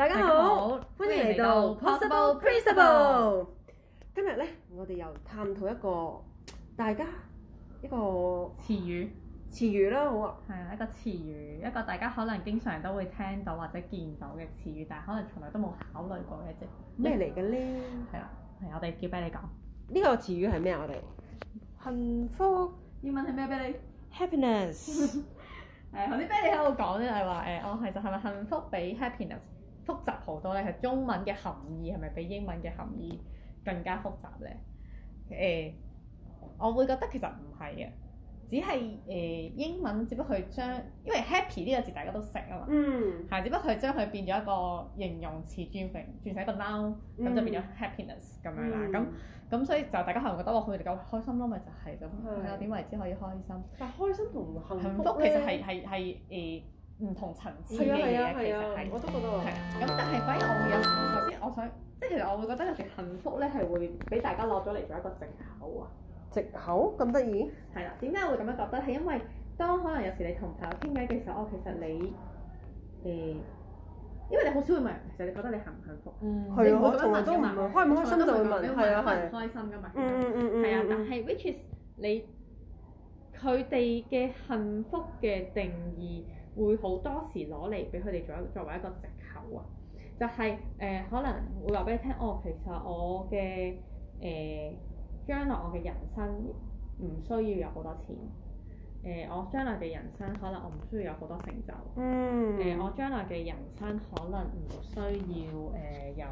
大家好，歡迎嚟到 Possible Principle。今日咧，我哋又探討一個大家一個詞語，詞語啦好啊。係一個詞語，一個大家可能經常都會聽到或者見到嘅詞語，但係可能從來都冇考慮過嘅一。咩嚟嘅咧？係啊，係我哋叫俾你講呢個詞語係咩我哋幸福，英文係咩？俾你？Happiness？誒， 同啲俾你喺度講咧，係話誒，哦係就係咪幸福比 happiness？複雜好多咧，係中文嘅含義係咪比英文嘅含義更加複雜咧？誒、呃，我會覺得其實唔係啊，只係誒、呃、英文只不過將，因為 happy 呢個字大家都識啊嘛，嗯，係只不過將佢變咗一個形容詞，轉成轉成一個 noun，咁就變咗 happiness 咁樣啦，咁咁、嗯、所以就大家可能覺得我好似夠開心咯，咪就係、是、咁，係啊、嗯，點、嗯、為之可以開心？但係開心同幸福、嗯、其實係係係誒。唔同層次嘅嘢，其實我都覺得係。咁但係反而我會有，首先我想，即係其實我會覺得有時幸福咧係會俾大家攞咗嚟做一個藉口啊。藉口咁得意？係啦，點解會咁樣覺得？係因為當可能有時你同朋友傾偈嘅時候，哦，其實你誒，因為你好少會問，其實你覺得你幸唔幸福？嗯，佢好從中唔開唔開心就會問，係啊係啊，唔開心㗎嘛。嗯嗯嗯嗯，係啊，但係 which is 你佢哋嘅幸福嘅定義。會好多時攞嚟俾佢哋做一作為一個藉口啊，就係、是、誒、呃、可能會話俾你聽哦。其實我嘅誒、呃、將來我嘅人生唔需要有好多錢誒、呃，我將來嘅人生可能我唔需要有好多成就。嗯誒、呃，我將來嘅人生可能唔需要誒、呃、有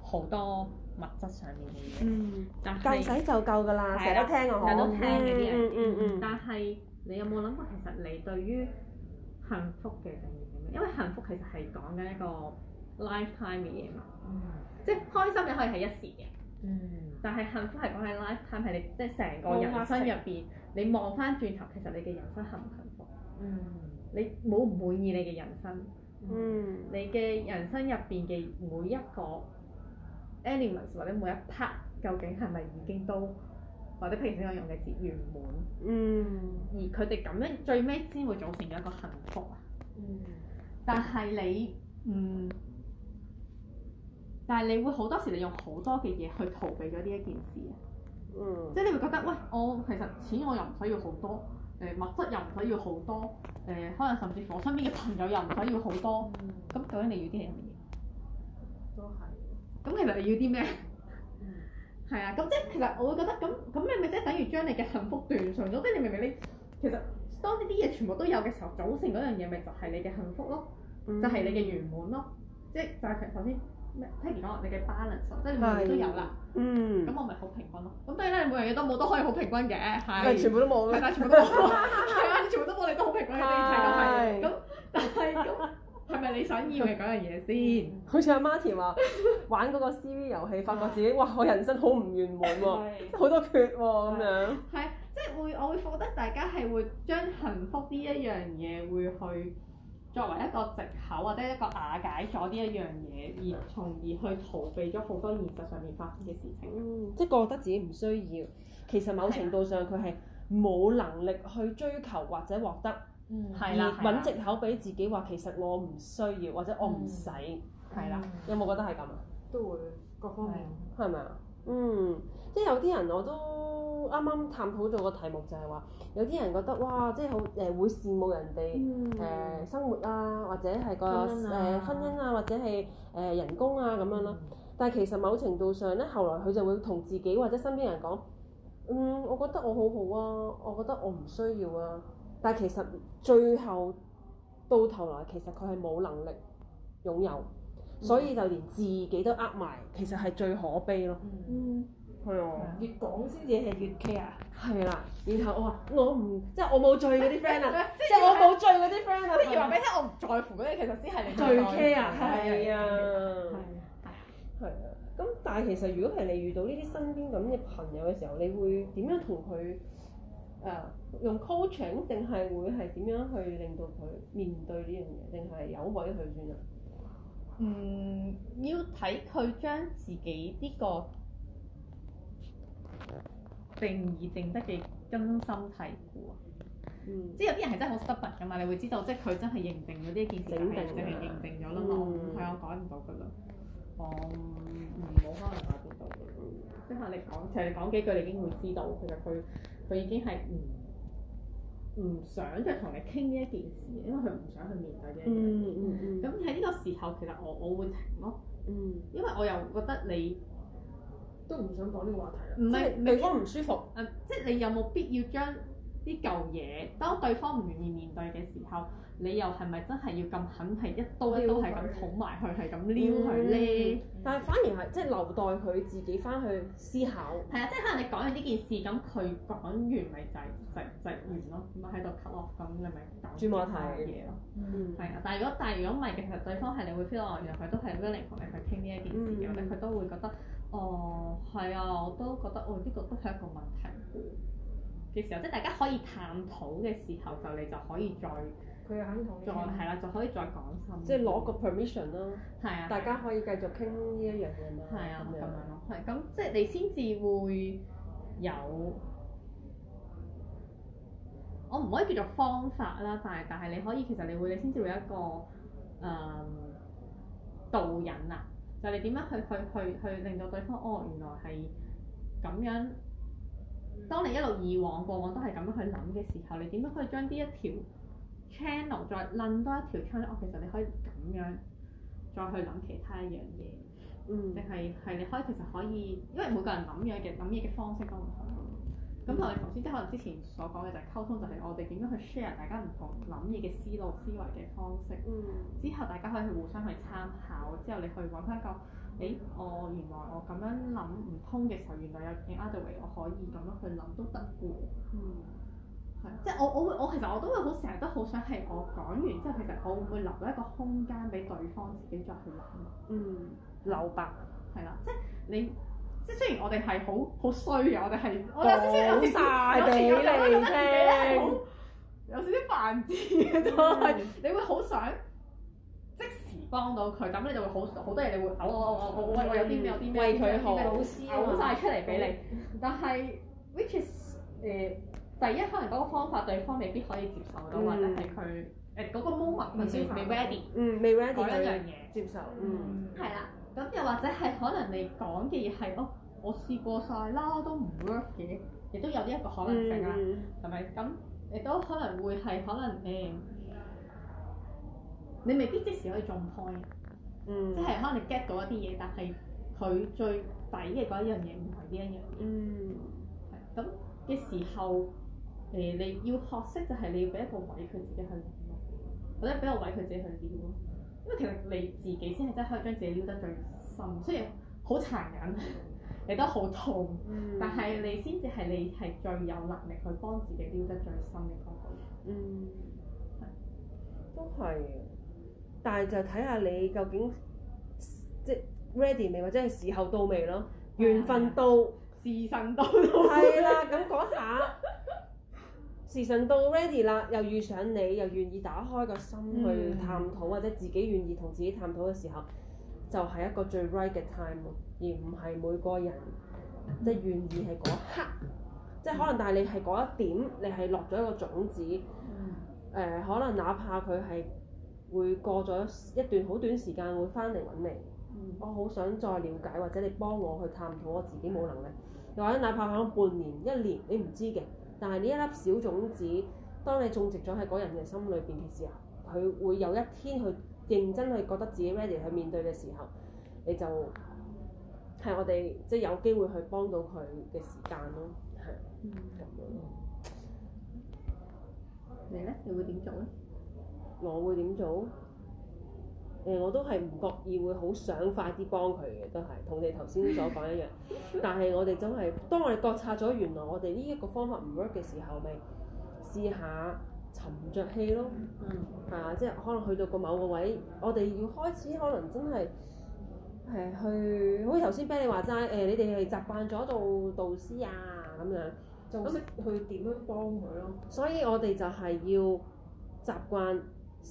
好多物質上面嘅嘢。嗯，嗯但係夠使就夠㗎啦，成日都聽啊，成日都聽嘅啲人。嗯嗯但係你有冇諗過，其實你對於幸福嘅定義，因為幸福其實係講緊一個 lifetime 嘅嘢嘛，即係開心嘅可以係一時嘅，但係幸福係講喺 lifetime，係你即係成個人生入邊，你望翻轉頭，其實你嘅人生幸唔幸福？嗯、你冇唔滿意你嘅人生？嗯、你嘅人生入邊嘅每一個 elements 或者每一 part，究竟係咪已經都？或者譬如你我用嘅字，圓滿。嗯。而佢哋咁樣最尾先會造成一個幸福啊。嗯。但係你，嗯，但係你會好多時，你用好多嘅嘢去逃避咗呢一件事啊。嗯。即係你會覺得，喂，我其實錢我又唔使要好多，誒、呃、物質又唔使要好多，誒、呃、可能甚至乎我身邊嘅朋友又唔使要好多。嗯。咁究竟你要啲係乜嘢？都係是。咁其實你要啲咩？係啊，咁即係其實我會覺得咁咁你咪即係等於將你嘅幸福斷送咗，即係你明明你其實當呢啲嘢全部都有嘅時候，組成嗰樣嘢咪就係你嘅幸福咯，嗯、就係你嘅圓滿咯，即係就係頭先咩譬如講你嘅 balance，即係你每樣嘢都有啦，咁是我咪好平均咯，咁當然啦，每樣嘢都冇都可以好平均嘅，係全部都冇，係但係全部都冇，係啊， 你全部都冇，你都好平均嘅，咁是是但係咁。 係咪你想要嘅嗰樣嘢先？好似阿 Martin 話玩嗰個 CV 遊戲，發覺自己 哇，我人生好唔完滿喎，好 是多缺喎咁樣。係，即係會，我會覺得大家係會將幸福呢一樣嘢會去作為一個藉口，或者一個瓦解咗呢一樣嘢，而從而去逃避咗好多現實上面發生嘅事情。嗯、即係覺得自己唔需要，其實某程度上佢係冇能力去追求或者獲得。嗯，係啦係啦，而搵藉口俾自己話其實我唔需要，或者我唔使，係、嗯、啦，有冇覺得係咁啊？都會各方面係咪啊？嗯，即係有啲人我都啱啱探討到個題目就係、係、話，有啲人覺得哇，即係好誒會羨慕人哋誒、嗯呃、生活啊，或者係個誒婚、啊呃、婚姻啊，或者係誒、呃、人工啊咁樣咯。嗯、但係其實某程度上咧，後來佢就會同自己或者身邊人講、嗯，嗯，我覺得我好好啊，我覺得我唔需要啊。但係其實最後到頭來，其實佢係冇能力擁有，所以就連自己都呃埋，其實係最可悲咯。嗯，係啊。越講先至係越 care。係啦，然後我話我唔，即係我冇追嗰啲 friend 啊，即係我冇追嗰啲 friend 啊，即係話俾你聽，我唔在乎嗰啲，其實先係你最 care。係啊，係啊，係啊。咁但係其實如果係你遇到呢啲身邊咁嘅朋友嘅時候，你會點樣同佢？Uh, 用 coaching 定係會係點樣去令到佢面對呢樣嘢，定係有位佢先啊？嗯，要睇佢將自己呢個定義定得嘅根深蒂固啊！嗯，即係有啲人係真係好 stubborn 㗎嘛，你會知道即係佢真係認定咗呢一件事係淨係認定咗啦嘛，係我改唔到㗎啦。我唔冇可能改變到。即係你講，就係你講幾句，你已經會知道，其實佢佢已經係唔唔想再同你傾呢一件事，因為佢唔想去面對呢樣嘢。嗯嗯，咁喺呢個時候，其實我我會停咯。嗯。因為我又覺得你都唔想講呢個話題。唔係是，你講唔舒服。誒、嗯，即係你有冇必要將？啲舊嘢，當對方唔願意面對嘅時候，你又係咪真係要咁狠係一刀一刀係咁捅埋去，係咁撩佢咧？呢嗯、但係反而係、嗯、即係留待佢自己返去思考。係啊、嗯，即係可能你講完呢件事，咁佢講完咪就係、就直、係、完咯，咪喺度 cut 咁，你咪打住冇睇嘅嘢咯。嗯，係啊，但係如果但係如果唔係，其實對方係你會 feel 到，原來佢都係咁樣嚟同你去傾呢一件事嘅，佢、嗯嗯、都會覺得，哦，係啊，我都覺得，哦，呢個都係一個問題。嘅時候，即係大家可以探討嘅時候，就你就可以再，佢肯再係啦，就可以再講深。即係攞個 permission 咯。係啊。大家可以繼續傾呢一樣嘢嘛。係啊。咁樣咯。係咁，即係你先至會有，我唔可以叫做方法啦，但係但係你可以，其實你會你先至會有一個誒、嗯、導引啊，就係、你點樣去去去去令到對方哦，原來係咁樣。當你一路以往過往都係咁樣去諗嘅時候，你點樣可以將呢一條 channel 再諗多一條 channel、哦。其實你可以咁樣再去諗其他一樣嘢，定係係你可以其實可以，因為每個人諗嘢嘅諗嘢嘅方式都唔同。咁同你頭先即係可能之前所講嘅就係溝通，就係、是、我哋點樣去 share 大家唔同諗嘢嘅思路、思維嘅方式。嗯、之後大家可以去互相去參考，之後你可以揾翻一個。誒，我、哦、原來我咁樣諗唔通嘅時候，原來有另一個 way 我可以咁樣去諗都得嘅喎嗯。係是，即係我我會我其實我都會好成日都好想係我講完之後，其實我會唔會留一個空間俾對方自己再去諗？嗯。留白，係啦，即係你，即係雖然我哋係好好衰啊，我哋係，說完 我有少少有少少有少少覺得自己係聲有少少煩躁，係 你會好想。即時幫到佢，咁你就會好好多嘢，你會嘔我我我我我有啲咩有啲咩嘅老師嘔晒出嚟俾你。但係，which is 誒，第一可能嗰個方法對方未必可以接受到，或者係佢誒嗰個 moment 未係 ready，唔 ready 嗰一樣嘢接受。嗯。係啦，咁又或者係可能你講嘅嘢係我我試過晒啦，都唔 work 嘅，亦都有呢一個可能性啊，係咪？咁亦都可能會係可能誒。你未必即時可以中 point 即係可能你 get 到一啲嘢，但係佢最抵嘅嗰一樣嘢唔係呢一樣嘢。嗯，係咁嘅時候，誒、呃、你要學識就係你要俾一個位佢自己去練咯，或者俾個位佢自己去撩咯。因為其實你自己先係真係可以將自己撩得最深，雖然好殘忍， 你都好痛，嗯、但係你先至係你係最有能力去幫自己撩得最深嘅嗰個。嗯，係是。都係。但係就睇下你究竟即 ready 未，或者係時候到未咯？緣分到 時辰到，係啦。 咁嗰下時辰到 ready 啦，又遇上你，又願意打開個心去探討，嗯、或者自己願意同自己探討嘅時候，就係、是、一個最 right 嘅 time 而唔係每個人即願意係嗰刻，嗯、即可能但係你係嗰一點，你係落咗一個種子。嗯呃、可能哪怕佢係。會過咗一段好短時間，會翻嚟揾你。嗯、我好想再了解，或者你幫我去探討，我自己冇能力，又、嗯、或者哪怕可能半年、一年，你唔知嘅。但係呢一粒小種子，當你種植咗喺嗰人嘅心裏邊嘅時候，佢會有一天去認真去覺得自己 ready 去面對嘅時候，你就係我哋即係有機會去幫到佢嘅時間咯。係。嗯。嗯，你呢？你會點做呢？我會點做？誒、欸，我都係唔覺意，會好想快啲幫佢嘅，都係同你頭先所講一樣。 但係我哋真係當我哋覺察咗，原來我哋呢一個方法唔 work 嘅時候，咪試下沉着氣咯。嗯，係啊，即係可能去到個某個位，我哋要開始可能真係誒去，好似頭先畀你話齋你哋係習慣咗做導師啊咁樣，就識去點樣幫佢咯。所以我哋就係要習慣。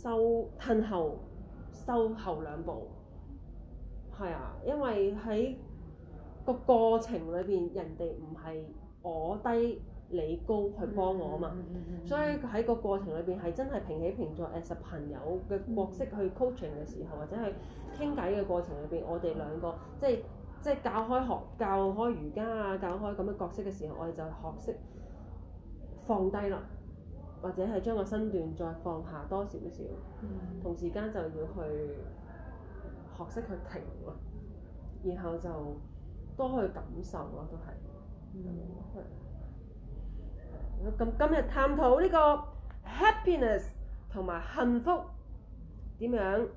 收褪後，收後兩步，係啊，因為喺個過程裏邊，人哋唔係我低你高去幫我啊嘛，嗯嗯嗯、所以喺個過程裏邊係真係平起平坐，as 朋友嘅角色去 coaching 嘅時候，嗯、或者係傾偈嘅過程裏邊，嗯、我哋兩個即係即係教開學、教開瑜伽啊、教開咁嘅角色嘅時候，我哋就學識放低啦。或者係將個身段再放下多少少，mm hmm. 同時間就要去學識去停，然後就多去感受咯，都係。咁、mm hmm. 今日探討呢個 happiness 同埋幸福點樣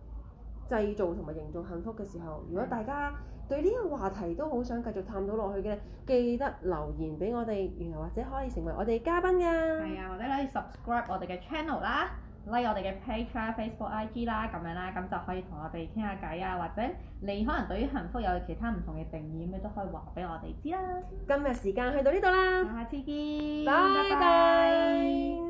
製造同埋營造幸福嘅時候，如果大家，對呢個話題都好想繼續探討落去嘅，記得留言俾我哋，然後或者可以成為我哋嘉賓㗎。係啊，或者可以 subscribe 我哋嘅 channel 啦，like 我哋嘅 page 啊、Facebook、IG 啦，咁樣啦，咁就可以同我哋傾下偈啊，或者你可能對於幸福有其他唔同嘅定義，咩都可以話俾我哋知、啊、啦。今日時間去到呢度啦，下次見，拜拜。